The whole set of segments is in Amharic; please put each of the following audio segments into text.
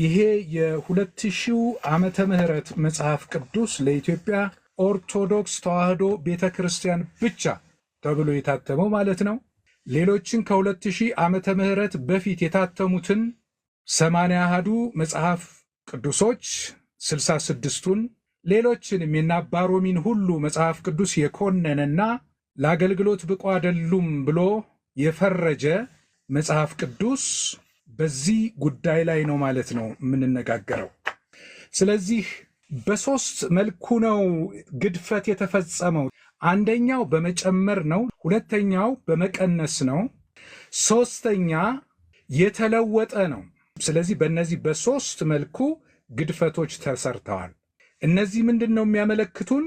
ይሄ የሁለት ሺው ዓመተ ምህረት መጽሐፍ ቅዱስ ለኢትዮጵያ ኦርቶዶክስ ተዋህዶ ቤተ ክርስቲያን ብቻ ተብሎ የታተመው ማለት ነው። ሌሎችን ከሁለት ሺህ ዓመተ ምህረት በፊት የታተሙትን ሰማንያ አሐዱ መጽሐፍ ቅዱሶች ስልሳ ስድስቱን ሌሎችንም የነ ሁሉ መጽሐፍ ቅዱስ የኮነነና ለአገልግሎት ብቁ አይደሉም ብሎ የፈረጀ መጽሐፍ ቅዱስ በዚህ ጉዳይ ላይ ነው ማለት ነው የምንነጋገረው። ስለዚህ በሶስት መልኩ ነው ግድፈት የተፈጸመው። አንደኛው በመጨመር ነው፣ ሁለተኛው በመቀነስ ነው፣ ሶስተኛ የተለወጠ ነው። ስለዚህ በእነዚህ በሶስት መልኩ ግድፈቶች ተሰርተዋል። እነዚህ ምንድን ነው የሚያመለክቱን?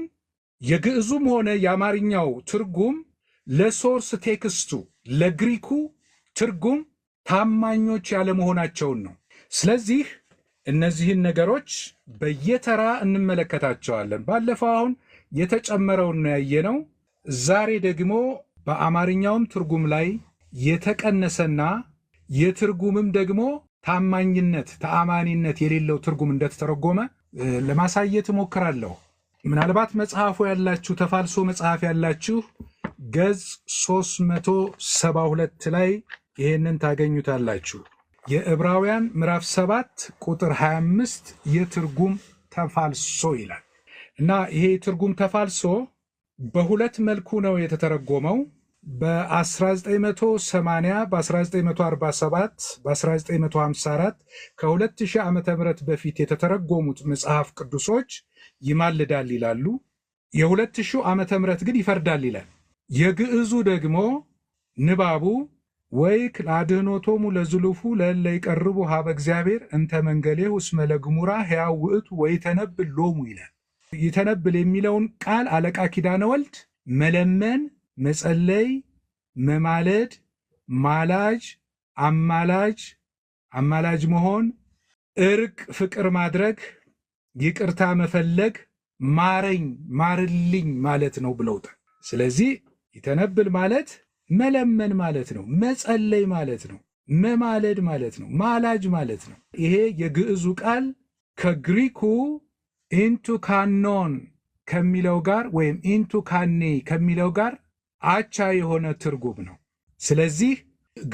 የግዕዙም ሆነ የአማርኛው ትርጉም ለሶርስ ቴክስቱ ለግሪኩ ትርጉም ታማኞች ያለመሆናቸውን ነው። ስለዚህ እነዚህን ነገሮች በየተራ እንመለከታቸዋለን። ባለፈው አሁን የተጨመረውን ነው ያየነው። ዛሬ ደግሞ በአማርኛውም ትርጉም ላይ የተቀነሰና የትርጉምም ደግሞ ታማኝነት ተአማኒነት የሌለው ትርጉም እንደተተረጎመ ለማሳየት እሞክራለሁ። ምናልባት መጽሐፉ ያላችሁ ተፋልሶ መጽሐፍ ያላችሁ ገጽ 372 ላይ ይህንን ታገኙታላችሁ። የዕብራውያን ምዕራፍ 7 ቁጥር 25 የትርጉም ተፋልሶ ይላል እና ይሄ የትርጉም ተፋልሶ በሁለት መልኩ ነው የተተረጎመው በ1980 በ1947 በ1954 ከ2000 ዓ ም በፊት የተተረጎሙት መጽሐፍ ቅዱሶች ይማልዳል ይላሉ። የ2000 ዓ ም ግን ይፈርዳል ይላል። የግዕዙ ደግሞ ንባቡ ወይ ለአድህኖቶሙ ለዝሉፉ ለእለ ይቀርቡ ሀበ እግዚአብሔር እንተ መንገሌ እስመ ለግሙራ ሕያው ውእቱ ወይተነብል ሎሙ ይላል። ይተነብል የሚለውን ቃል አለቃ ኪዳነ ወልድ መለመን፣ መጸለይ፣ መማለድ፣ ማላጅ፣ አማላጅ፣ አማላጅ መሆን፣ እርቅ፣ ፍቅር ማድረግ፣ ይቅርታ መፈለግ፣ ማረኝ፣ ማርልኝ ማለት ነው ብለውታል። ስለዚህ ይተነብል ማለት መለመን ማለት ነው። መጸለይ ማለት ነው። መማለድ ማለት ነው። ማላጅ ማለት ነው። ይሄ የግዕዙ ቃል ከግሪኩ ኢንቱ ካኖን ከሚለው ጋር ወይም ኢንቱ ካኔ ከሚለው ጋር አቻ የሆነ ትርጉም ነው። ስለዚህ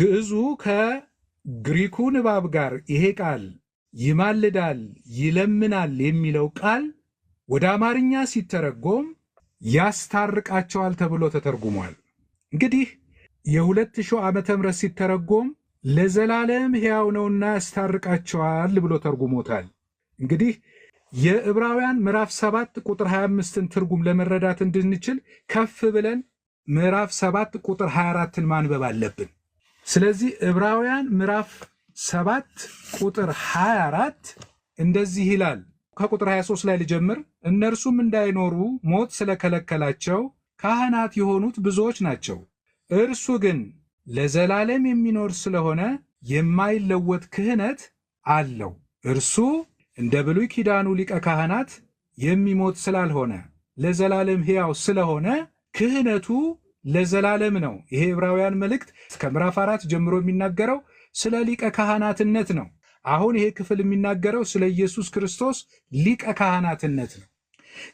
ግዕዙ ከግሪኩ ንባብ ጋር ይሄ ቃል ይማልዳል፣ ይለምናል የሚለው ቃል ወደ አማርኛ ሲተረጎም ያስታርቃቸዋል ተብሎ ተተርጉሟል። እንግዲህ የሁለት ሺህ ዓመተ ምህረት ሲተረጎም ለዘላለም ሕያው ነውና ያስታርቃቸዋል ብሎ ተርጉሞታል። እንግዲህ የዕብራውያን ምዕራፍ 7 ቁጥር 25ን ትርጉም ለመረዳት እንድንችል ከፍ ብለን ምዕራፍ 7 ቁጥር 24ን ማንበብ አለብን። ስለዚህ ዕብራውያን ምዕራፍ 7 ቁጥር 24 እንደዚህ ይላል። ከቁጥር 23 ላይ ልጀምር። እነርሱም እንዳይኖሩ ሞት ስለከለከላቸው ካህናት የሆኑት ብዙዎች ናቸው እርሱ ግን ለዘላለም የሚኖር ስለሆነ የማይለወጥ ክህነት አለው። እርሱ እንደ ብሉይ ኪዳኑ ሊቀ ካህናት የሚሞት ስላልሆነ ለዘላለም ሕያው ስለሆነ ክህነቱ ለዘላለም ነው። ይሄ ዕብራውያን መልእክት እስከ ምዕራፍ አራት ጀምሮ የሚናገረው ስለ ሊቀ ካህናትነት ነው። አሁን ይሄ ክፍል የሚናገረው ስለ ኢየሱስ ክርስቶስ ሊቀ ካህናትነት ነው።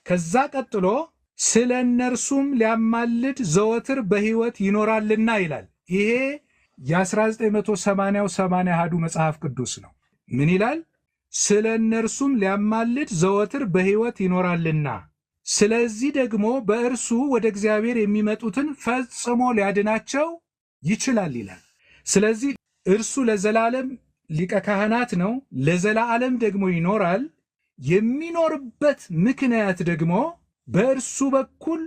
ከዛ ቀጥሎ ስለ እነርሱም ሊያማልድ ዘወትር በሕይወት ይኖራልና ይላል። ይሄ የ1980 80 አሐዱ መጽሐፍ ቅዱስ ነው። ምን ይላል? ስለ እነርሱም ሊያማልድ ዘወትር በሕይወት ይኖራልና ስለዚህ ደግሞ በእርሱ ወደ እግዚአብሔር የሚመጡትን ፈጽሞ ሊያድናቸው ይችላል ይላል። ስለዚህ እርሱ ለዘላለም ሊቀ ካህናት ነው፣ ለዘላለም ደግሞ ይኖራል። የሚኖርበት ምክንያት ደግሞ በእርሱ በኩል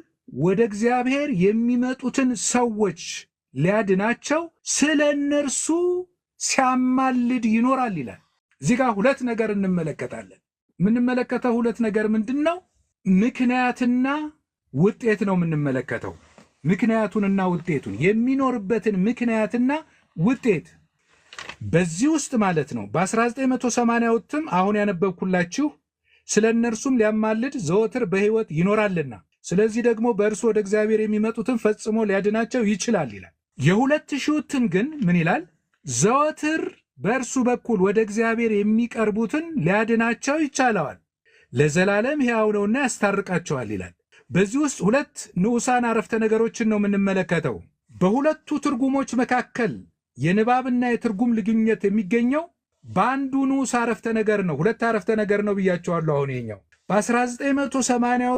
ወደ እግዚአብሔር የሚመጡትን ሰዎች ሊያድናቸው ስለ እነርሱ ሲያማልድ ይኖራል ይላል። እዚህ ጋር ሁለት ነገር እንመለከታለን። የምንመለከተው ሁለት ነገር ምንድን ነው? ምክንያትና ውጤት ነው የምንመለከተው። ምክንያቱንና ውጤቱን የሚኖርበትን ምክንያትና ውጤት በዚህ ውስጥ ማለት ነው በ1980ዎትም አሁን ያነበብኩላችሁ ስለ እነርሱም ሊያማልድ ዘወትር በሕይወት ይኖራልና ስለዚህ ደግሞ በእርሱ ወደ እግዚአብሔር የሚመጡትን ፈጽሞ ሊያድናቸው ይችላል ይላል። የሁለት ሺዎትን ግን ምን ይላል? ዘወትር በእርሱ በኩል ወደ እግዚአብሔር የሚቀርቡትን ሊያድናቸው ይቻለዋል፣ ለዘላለም ሕያው ነውና ያስታርቃቸዋል ይላል። በዚህ ውስጥ ሁለት ንዑሳን አረፍተ ነገሮችን ነው የምንመለከተው። በሁለቱ ትርጉሞች መካከል የንባብና የትርጉም ልዩነት የሚገኘው በአንዱ ንዑስ አረፍተ ነገር ነው፣ ሁለት አረፍተ ነገር ነው ብያቸዋለሁ። አሁን ይሄኛው በ 1980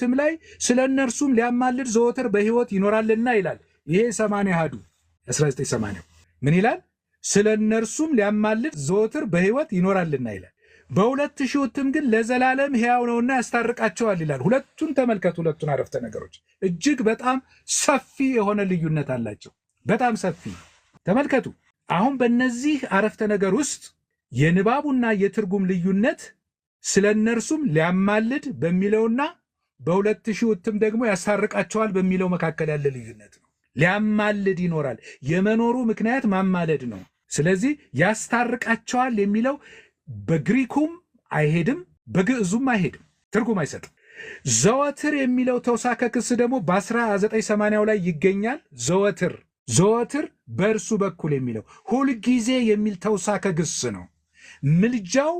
ትም ላይ ስለ እነርሱም ሊያማልድ ዘወትር በህይወት ይኖራልና ይላል። ይሄ 80 አሐዱ 1980 ምን ይላል? ስለ እነርሱም ሊያማልድ ዘወትር በህይወት ይኖራልና ይላል። በሁለት ሺህ ትም ግን ለዘላለም ሕያው ነውና ያስታርቃቸዋል ይላል። ሁለቱን ተመልከቱ፣ ሁለቱን አረፍተ ነገሮች እጅግ በጣም ሰፊ የሆነ ልዩነት አላቸው። በጣም ሰፊ ተመልከቱ። አሁን በእነዚህ አረፍተ ነገር ውስጥ የንባቡና የትርጉም ልዩነት ስለ እነርሱም ሊያማልድ በሚለውና በሁለት ሺህ ውትም ደግሞ ያሳርቃቸዋል በሚለው መካከል ያለ ልዩነት ነው። ሊያማልድ ይኖራል። የመኖሩ ምክንያት ማማለድ ነው። ስለዚህ ያስታርቃቸዋል የሚለው በግሪኩም አይሄድም፣ በግዕዙም አይሄድም፣ ትርጉም አይሰጥም። ዘወትር የሚለው ተውሳከ ክስ ደግሞ በ1980 ላይ ይገኛል። ዘወትር ዘወትር በእርሱ በኩል የሚለው ሁልጊዜ የሚል ተውሳከ ግስ ነው። ምልጃው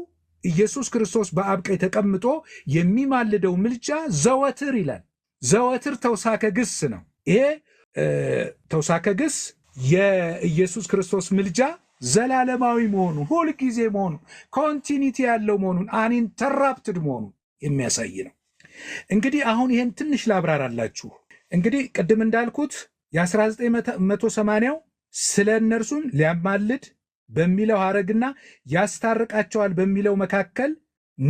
ኢየሱስ ክርስቶስ በአብ ቀኝ ተቀምጦ የሚማልደው ምልጃ ዘወትር ይላል። ዘወትር ተውሳከ ግስ ነው። ይሄ ተውሳከ ግስ የኢየሱስ ክርስቶስ ምልጃ ዘላለማዊ መሆኑ ሁልጊዜ መሆኑ ኮንቲኒቲ ያለው መሆኑን አንኢንተራፕትድ መሆኑን የሚያሳይ ነው። እንግዲህ አሁን ይህን ትንሽ ላብራራላችሁ። እንግዲህ ቅድም እንዳልኩት የ1980ው ስለ እነርሱም ሊያማልድ በሚለው ሐረግና ያስታርቃቸዋል በሚለው መካከል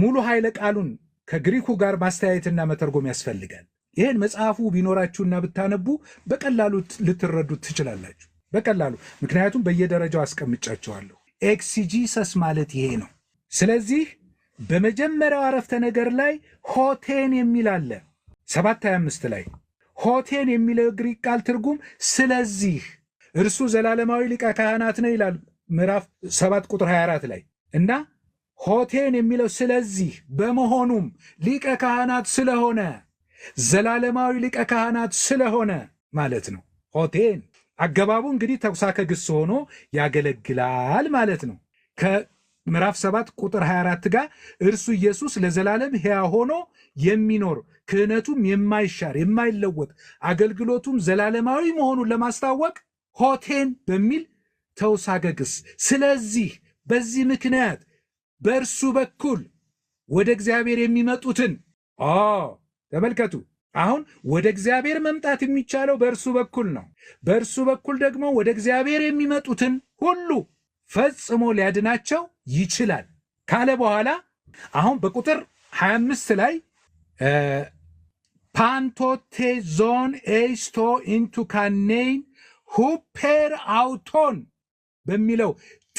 ሙሉ ኃይለ ቃሉን ከግሪኩ ጋር ማስተያየትና መተርጎም ያስፈልጋል። ይህን መጽሐፉ ቢኖራችሁና ብታነቡ በቀላሉ ልትረዱት ትችላላችሁ። በቀላሉ ምክንያቱም በየደረጃው አስቀምጫቸዋለሁ። ኤክሲጂሰስ ማለት ይሄ ነው። ስለዚህ በመጀመሪያው አረፍተ ነገር ላይ ሆቴን የሚል አለ 725 ላይ ሆቴል የሚለው ግሪክ ቃል ትርጉም ስለዚህ እርሱ ዘላለማዊ ሊቀ ካህናት ነው ይላል ምዕራፍ 7 ቁጥር 24 ላይ እና ሆቴን የሚለው ስለዚህ በመሆኑም ሊቀ ካህናት ስለሆነ ዘላለማዊ ሊቀ ካህናት ስለሆነ ማለት ነው። ሆቴን አገባቡ እንግዲህ ተኩሳከ ግስ ሆኖ ያገለግላል ማለት ነው። ምዕራፍ 7 ቁጥር 24 ጋር እርሱ ኢየሱስ ለዘላለም ሕያ ሆኖ የሚኖር ክህነቱም የማይሻር የማይለወጥ አገልግሎቱም ዘላለማዊ መሆኑን ለማስታወቅ ሆቴን በሚል ተውሳገግስ ስለዚህ በዚህ ምክንያት በእርሱ በኩል ወደ እግዚአብሔር የሚመጡትን ተመልከቱ። አሁን ወደ እግዚአብሔር መምጣት የሚቻለው በእርሱ በኩል ነው። በእርሱ በኩል ደግሞ ወደ እግዚአብሔር የሚመጡትን ሁሉ ፈጽሞ ሊያድናቸው ይችላል ካለ በኋላ አሁን በቁጥር 25 ላይ ፓንቶቴ ዞን ኤስቶ ኢንቱ ካኔይን ሁፔር አውቶን በሚለው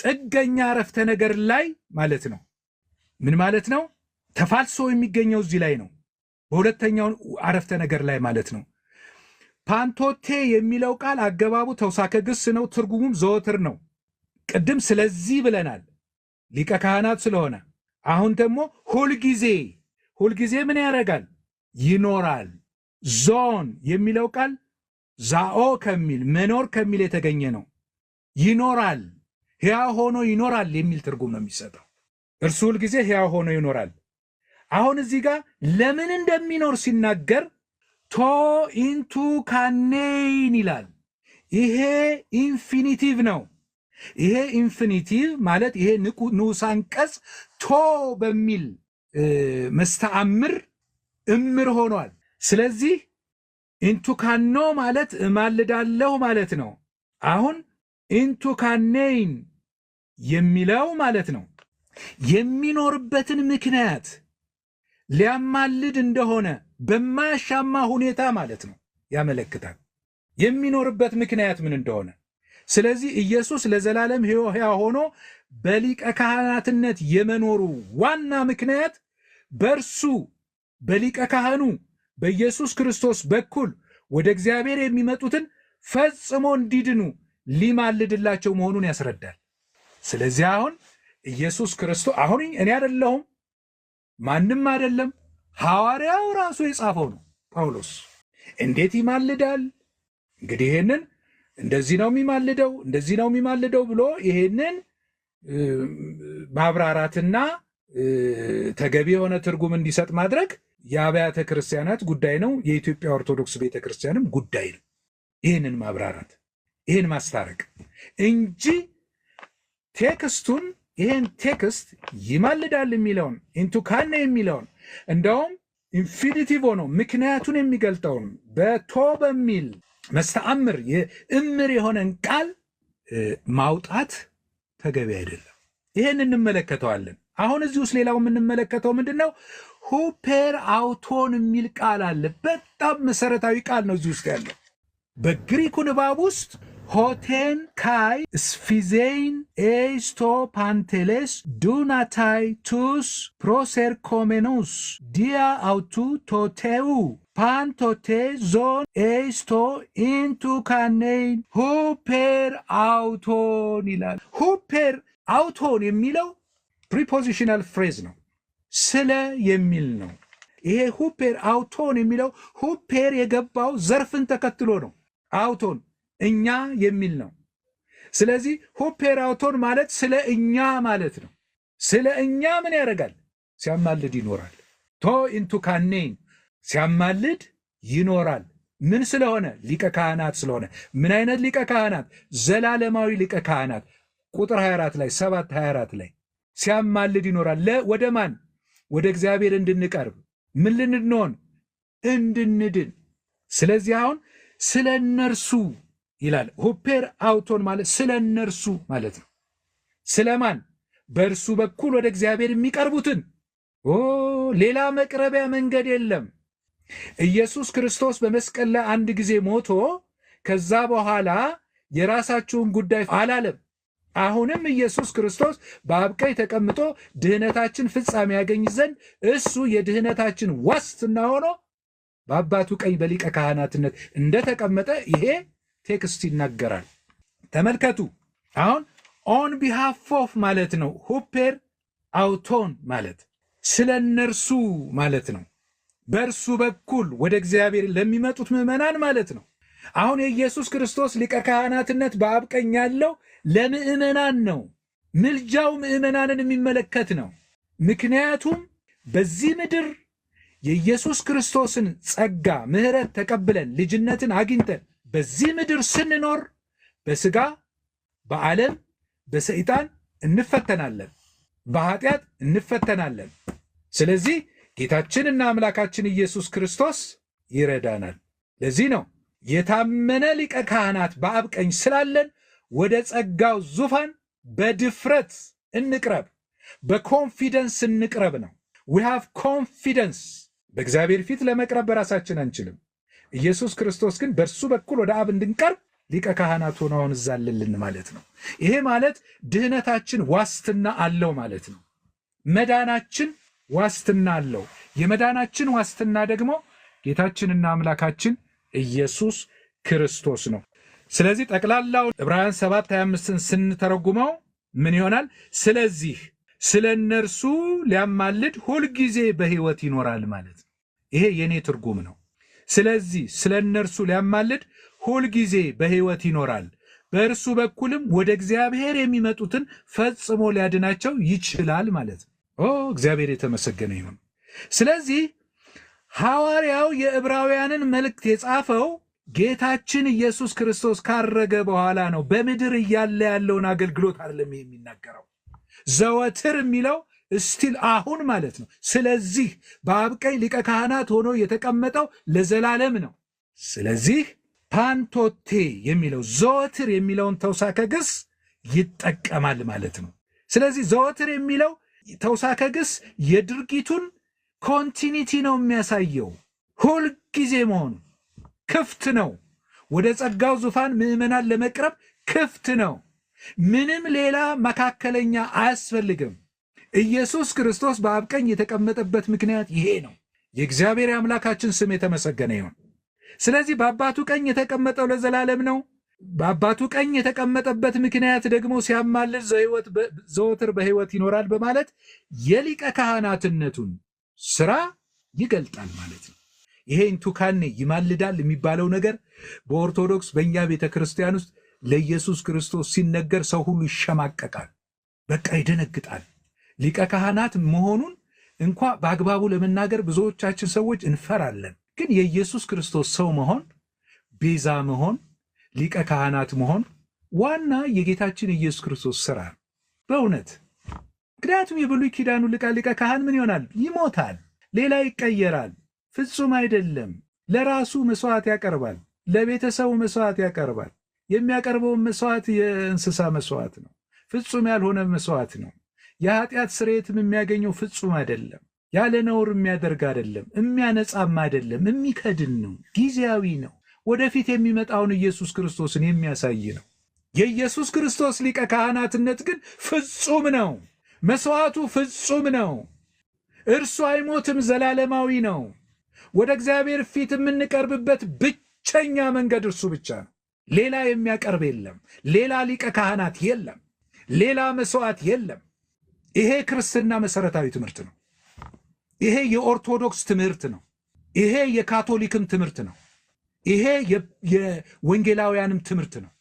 ጥገኛ ረፍተ ነገር ላይ ማለት ነው። ምን ማለት ነው? ተፋልሶ የሚገኘው እዚህ ላይ ነው፣ በሁለተኛው አረፍተ ነገር ላይ ማለት ነው። ፓንቶቴ የሚለው ቃል አገባቡ ተውሳከ ግስ ነው፣ ትርጉሙም ዘወትር ነው። ቅድም ስለዚህ ብለናል፣ ሊቀ ካህናት ስለሆነ። አሁን ደግሞ ሁልጊዜ ሁልጊዜ ምን ያደርጋል? ይኖራል። ዞን የሚለው ቃል ዛኦ ከሚል መኖር ከሚል የተገኘ ነው። ይኖራል፣ ሕያው ሆኖ ይኖራል የሚል ትርጉም ነው የሚሰጠው። እርሱ ሁልጊዜ ሕያው ሆኖ ይኖራል። አሁን እዚህ ጋር ለምን እንደሚኖር ሲናገር ቶ ኢንቱ ካኔይን ይላል። ይሄ ኢንፊኒቲቭ ነው። ይሄ ኢንፊኒቲቭ ማለት ይሄ ንዑስ አንቀጽ ቶ በሚል መስተአምር እምር ሆኗል። ስለዚህ ኢንቱካኖ ማለት እማልዳለሁ ማለት ነው። አሁን ኢንቱካኔን የሚለው ማለት ነው የሚኖርበትን ምክንያት ሊያማልድ እንደሆነ በማያሻማ ሁኔታ ማለት ነው ያመለክታል። የሚኖርበት ምክንያት ምን እንደሆነ ስለዚህ ኢየሱስ ለዘላለም ሕያው ሆኖ በሊቀ ካህናትነት የመኖሩ ዋና ምክንያት በእርሱ በሊቀ ካህኑ በኢየሱስ ክርስቶስ በኩል ወደ እግዚአብሔር የሚመጡትን ፈጽሞ እንዲድኑ ሊማልድላቸው መሆኑን ያስረዳል። ስለዚህ አሁን ኢየሱስ ክርስቶስ አሁን እኔ አደለሁም? ማንም አይደለም፣ ሐዋርያው ራሱ የጻፈው ነው ጳውሎስ። እንዴት ይማልዳል? እንግዲህ ይህንን እንደዚህ ነው የሚማልደው፣ እንደዚህ ነው የሚማልደው ብሎ ይሄንን ማብራራትና ተገቢ የሆነ ትርጉም እንዲሰጥ ማድረግ የአብያተ ክርስቲያናት ጉዳይ ነው። የኢትዮጵያ ኦርቶዶክስ ቤተክርስቲያንም ጉዳይ ነው። ይህንን ማብራራት፣ ይህን ማስታረቅ እንጂ ቴክስቱን ይህን ቴክስት ይማልዳል የሚለውን ኢንቱ ካነ የሚለውን እንደውም ኢንፊኒቲቭ ሆኖ ምክንያቱን የሚገልጠውን በቶ በሚል መስተአምር የእምር የሆነን ቃል ማውጣት ተገቢ አይደለም። ይህን እንመለከተዋለን። አሁን እዚህ ውስጥ ሌላው የምንመለከተው ምንድን ነው? ሁፔር አውቶን የሚል ቃል አለ። በጣም መሰረታዊ ቃል ነው እዚህ ውስጥ ያለው። በግሪኩ ንባብ ውስጥ ሆቴን ካይ ስፊዜን ኤስቶ ፓንቴሌስ ዱናታይ ቱስ ፕሮሴርኮሜኑስ ዲያ አውቱ ቶቴው pantote zon esto ኢንቱ ካኔይን ሁፔር አውቶን ይላል። ሁፐር አውቶን የሚለው ፕሪፖዚሽናል ፍሬዝ ነው፣ ስለ የሚል ነው። ይሄ ሁፐር አውቶን የሚለው ሁፔር የገባው ዘርፍን ተከትሎ ነው። አውቶን እኛ የሚል ነው። ስለዚህ ሁፐር አውቶን ማለት ስለ እኛ ማለት ነው። ስለ እኛ ምን ያደርጋል? ሲያማልድ ይኖራል። ቶ ኢንቱ ካኔይን ሲያማልድ ይኖራል። ምን ስለሆነ? ሊቀ ካህናት ስለሆነ። ምን አይነት ሊቀ ካህናት? ዘላለማዊ ሊቀ ካህናት። ቁጥር 24 ላይ 7 24 ላይ ሲያማልድ ይኖራል። ወደ ማን? ወደ እግዚአብሔር እንድንቀርብ ምን ልንድንሆን እንድንድን። ስለዚህ አሁን ስለ እነርሱ ይላል። ሁፔር አውቶን ማለት ስለ እነርሱ ማለት ነው። ስለማን? በእርሱ በኩል ወደ እግዚአብሔር የሚቀርቡትን። ሌላ መቅረቢያ መንገድ የለም። ኢየሱስ ክርስቶስ በመስቀል ላይ አንድ ጊዜ ሞቶ ከዛ በኋላ የራሳችሁን ጉዳይ አላለም። አሁንም ኢየሱስ ክርስቶስ በአብ ቀኝ ተቀምጦ ድህነታችን ፍጻሜ ያገኝ ዘንድ እሱ የድህነታችን ዋስትና ሆኖ በአባቱ ቀኝ በሊቀ ካህናትነት እንደተቀመጠ ይሄ ቴክስት ይናገራል። ተመልከቱ። አሁን ኦን ቢሃፍ ኦፍ ማለት ነው። ሁፔር አውቶን ማለት ስለ እነርሱ ማለት ነው። በእርሱ በኩል ወደ እግዚአብሔር ለሚመጡት ምዕመናን ማለት ነው። አሁን የኢየሱስ ክርስቶስ ሊቀ ካህናትነት በአብ ቀኝ ያለው ለምዕመናን ነው። ምልጃው ምዕመናንን የሚመለከት ነው። ምክንያቱም በዚህ ምድር የኢየሱስ ክርስቶስን ጸጋ ምሕረት ተቀብለን ልጅነትን አግኝተን በዚህ ምድር ስንኖር በሥጋ በዓለም በሰይጣን እንፈተናለን፣ በኃጢአት እንፈተናለን። ስለዚህ ጌታችንና አምላካችን ኢየሱስ ክርስቶስ ይረዳናል። ለዚህ ነው የታመነ ሊቀ ካህናት በአብ ቀኝ ስላለን ወደ ጸጋው ዙፋን በድፍረት እንቅረብ፣ በኮንፊደንስ እንቅረብ ነው። ዊ ሃቭ ኮንፊደንስ። በእግዚአብሔር ፊት ለመቅረብ በራሳችን አንችልም። ኢየሱስ ክርስቶስ ግን በእርሱ በኩል ወደ አብ እንድንቀርብ ሊቀ ካህናት ሆኖ አሁን እዛልልን ማለት ነው። ይሄ ማለት ድህነታችን ዋስትና አለው ማለት ነው። መዳናችን ዋስትና አለው። የመዳናችን ዋስትና ደግሞ ጌታችንና አምላካችን ኢየሱስ ክርስቶስ ነው። ስለዚህ ጠቅላላው ዕብራውያን 7 25ን ስንተረጉመው ምን ይሆናል? ስለዚህ ስለ እነርሱ ሊያማልድ ሁልጊዜ በሕይወት ይኖራል ማለት ነው። ይሄ የእኔ ትርጉም ነው። ስለዚህ ስለ እነርሱ ሊያማልድ ሁልጊዜ በሕይወት ይኖራል፣ በእርሱ በኩልም ወደ እግዚአብሔር የሚመጡትን ፈጽሞ ሊያድናቸው ይችላል ማለት ነው። ኦ እግዚአብሔር የተመሰገነ ይሁን። ስለዚህ ሐዋርያው የዕብራውያንን መልእክት የጻፈው ጌታችን ኢየሱስ ክርስቶስ ካረገ በኋላ ነው። በምድር እያለ ያለውን አገልግሎት አይደለም የሚናገረው። ዘወትር የሚለው እስቲል አሁን ማለት ነው። ስለዚህ በአብ ቀኝ ሊቀ ካህናት ሆኖ የተቀመጠው ለዘላለም ነው። ስለዚህ ፓንቶቴ የሚለው ዘወትር የሚለውን ተውሳከ ግስ ይጠቀማል ማለት ነው። ስለዚህ ዘወትር የሚለው ተውሳከ ግስ የድርጊቱን ኮንቲኒቲ ነው የሚያሳየው። ሁልጊዜ መሆኑ ክፍት ነው። ወደ ጸጋው ዙፋን ምዕመናን ለመቅረብ ክፍት ነው። ምንም ሌላ መካከለኛ አያስፈልግም። ኢየሱስ ክርስቶስ በአብ ቀኝ የተቀመጠበት ምክንያት ይሄ ነው። የእግዚአብሔር አምላካችን ስም የተመሰገነ ይሁን። ስለዚህ በአባቱ ቀኝ የተቀመጠው ለዘላለም ነው። በአባቱ ቀኝ የተቀመጠበት ምክንያት ደግሞ ሲያማልድ ዘወትር በሕይወት ይኖራል በማለት የሊቀ ካህናትነቱን ስራ ይገልጣል ማለት ነው። ይሄ እንቱካኔ ይማልዳል የሚባለው ነገር በኦርቶዶክስ በእኛ ቤተ ክርስቲያን ውስጥ ለኢየሱስ ክርስቶስ ሲነገር ሰው ሁሉ ይሸማቀቃል፣ በቃ ይደነግጣል። ሊቀ ካህናት መሆኑን እንኳ በአግባቡ ለመናገር ብዙዎቻችን ሰዎች እንፈራለን። ግን የኢየሱስ ክርስቶስ ሰው መሆን ቤዛ መሆን ሊቀ ካህናት መሆን ዋና የጌታችን ኢየሱስ ክርስቶስ ስራ በእውነት ምክንያቱም የብሉይ ኪዳኑ ሊቀ ሊቀ ካህን ምን ይሆናል? ይሞታል፣ ሌላ ይቀየራል። ፍጹም አይደለም። ለራሱ መስዋዕት ያቀርባል፣ ለቤተሰቡ መስዋዕት ያቀርባል። የሚያቀርበውን መስዋዕት የእንስሳ መስዋዕት ነው፣ ፍጹም ያልሆነ መስዋዕት ነው። የኃጢአት ስርየትም የሚያገኘው ፍጹም አይደለም። ያለ ነውር የሚያደርግ አይደለም፣ የሚያነጻም አይደለም፣ የሚከድን ነው፣ ጊዜያዊ ነው። ወደፊት የሚመጣውን ኢየሱስ ክርስቶስን የሚያሳይ ነው። የኢየሱስ ክርስቶስ ሊቀ ካህናትነት ግን ፍጹም ነው። መሥዋዕቱ ፍጹም ነው። እርሱ አይሞትም፣ ዘላለማዊ ነው። ወደ እግዚአብሔር ፊት የምንቀርብበት ብቸኛ መንገድ እርሱ ብቻ ነው። ሌላ የሚያቀርብ የለም። ሌላ ሊቀ ካህናት የለም። ሌላ መሥዋዕት የለም። ይሄ ክርስትና መሠረታዊ ትምህርት ነው። ይሄ የኦርቶዶክስ ትምህርት ነው። ይሄ የካቶሊክም ትምህርት ነው። ይሄ የወንጌላውያንም ትምህርት ነው።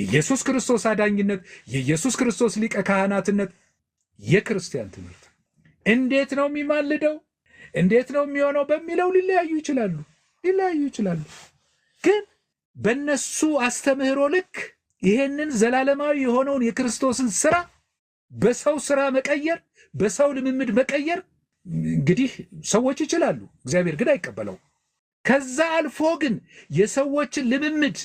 የኢየሱስ ክርስቶስ አዳኝነት፣ የኢየሱስ ክርስቶስ ሊቀ ካህናትነት የክርስቲያን ትምህርት እንዴት ነው የሚማልደው፣ እንዴት ነው የሚሆነው በሚለው ሊለያዩ ይችላሉ ሊለያዩ ይችላሉ። ግን በእነሱ አስተምህሮ ልክ ይሄንን ዘላለማዊ የሆነውን የክርስቶስን ስራ በሰው ስራ መቀየር፣ በሰው ልምምድ መቀየር እንግዲህ ሰዎች ይችላሉ፣ እግዚአብሔር ግን አይቀበለው። ከዛ አልፎ ግን የሰዎችን ልምምድ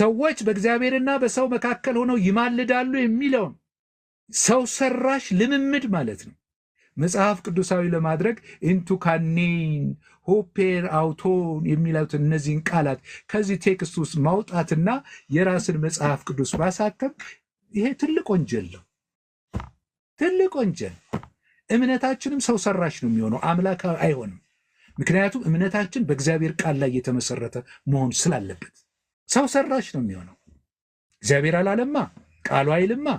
ሰዎች በእግዚአብሔርና በሰው መካከል ሆነው ይማልዳሉ የሚለውን ሰው ሰራሽ ልምምድ ማለት ነው መጽሐፍ ቅዱሳዊ ለማድረግ ኢንቱካኔን ሆፔር አውቶን የሚሉትን እነዚህን ቃላት ከዚህ ቴክስት ውስጥ ማውጣትና የራስን መጽሐፍ ቅዱስ ማሳተም ይሄ ትልቅ ወንጀል ነው። ትልቅ ወንጀል። እምነታችንም ሰው ሰራሽ ነው የሚሆነው፣ አምላካዊ አይሆንም። ምክንያቱም እምነታችን በእግዚአብሔር ቃል ላይ የተመሰረተ መሆን ስላለበት ሰው ሰራሽ ነው የሚሆነው። እግዚአብሔር አላለማ ቃሉ አይልማ